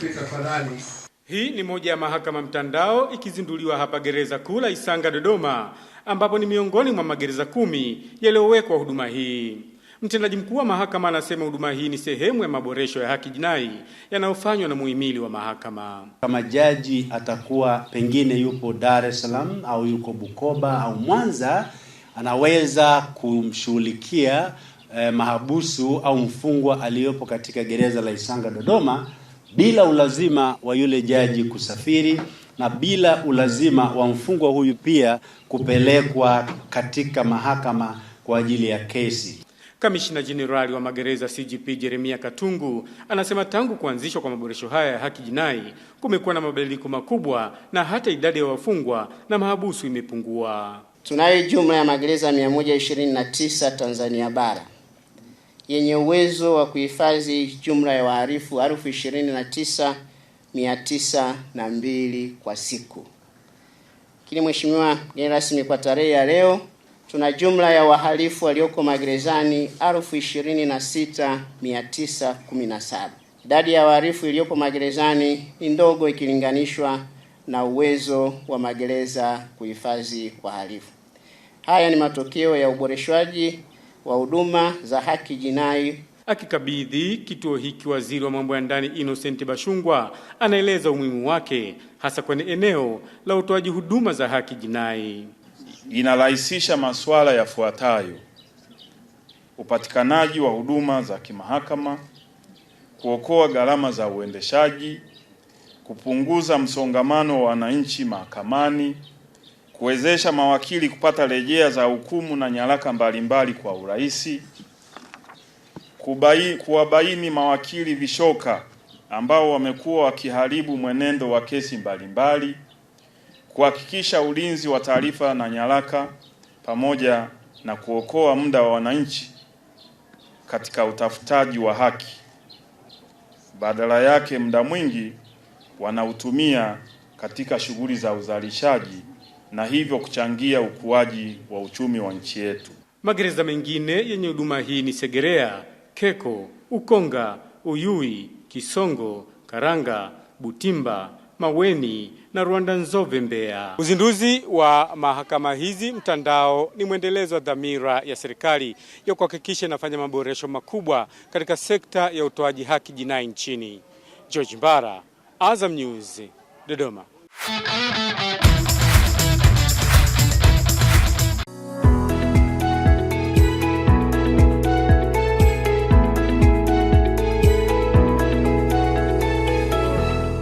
fupi tafadhali. Hii ni moja ya mahakama mtandao ikizinduliwa hapa gereza kuu la Isanga Dodoma, ambapo ni miongoni mwa magereza kumi yaliyowekwa huduma hii. Mtendaji mkuu wa mahakama anasema huduma hii ni sehemu ya maboresho ya haki jinai yanayofanywa na muhimili wa mahakama. Kama jaji atakuwa pengine yupo Dar es Salaam au yuko Bukoba au Mwanza, anaweza kumshughulikia eh, mahabusu au mfungwa aliyopo katika gereza la Isanga Dodoma bila ulazima wa yule jaji kusafiri na bila ulazima wa mfungwa huyu pia kupelekwa katika mahakama kwa ajili ya kesi. Kamishina Jenerali wa Magereza CGP Jeremia Katungu anasema tangu kuanzishwa kwa maboresho haya ya haki jinai kumekuwa na mabadiliko makubwa na hata idadi ya wafungwa na mahabusu imepungua. Tunayo jumla ya magereza 129 Tanzania bara yenye uwezo wa kuhifadhi jumla ya waharifu elfu ishirini na tisa mia tisa na mbili kwa siku. Lakini Mheshimiwa mgeni rasmi, kwa tarehe ya leo tuna jumla ya wahalifu walioko magerezani elfu ishirini na sita mia tisa kumi na saba. Idadi ya wahalifu iliyopo magerezani ni ndogo ikilinganishwa na uwezo wa magereza kuhifadhi wahalifu. Haya ni matokeo ya uboreshwaji wa huduma za haki jinai. Akikabidhi kituo hiki, waziri wa mambo ya ndani Innocent Bashungwa anaeleza umuhimu wake hasa kwenye eneo la utoaji huduma za haki jinai. Inarahisisha masuala yafuatayo: upatikanaji wa huduma za kimahakama, kuokoa gharama za uendeshaji, kupunguza msongamano wa wananchi mahakamani kuwezesha mawakili kupata rejea za hukumu na nyaraka mbalimbali kwa urahisi, kuwabaini mawakili vishoka ambao wamekuwa wakiharibu mwenendo wa kesi mbalimbali, kuhakikisha ulinzi wa taarifa na nyaraka, pamoja na kuokoa muda wa wananchi katika utafutaji wa haki. Badala yake, muda mwingi wanautumia katika shughuli za uzalishaji na hivyo kuchangia ukuaji wa uchumi wa nchi yetu. Magereza mengine yenye huduma hii ni Segerea, Keko, Ukonga, Uyui, Kisongo, Karanga, Butimba, Maweni na Rwanda Nzove Mbeya. Uzinduzi wa mahakama hizi mtandao ni mwendelezo wa dhamira ya serikali ya kuhakikisha inafanya maboresho makubwa katika sekta ya utoaji haki jinai nchini. George Mbara, Azam News, Dodoma.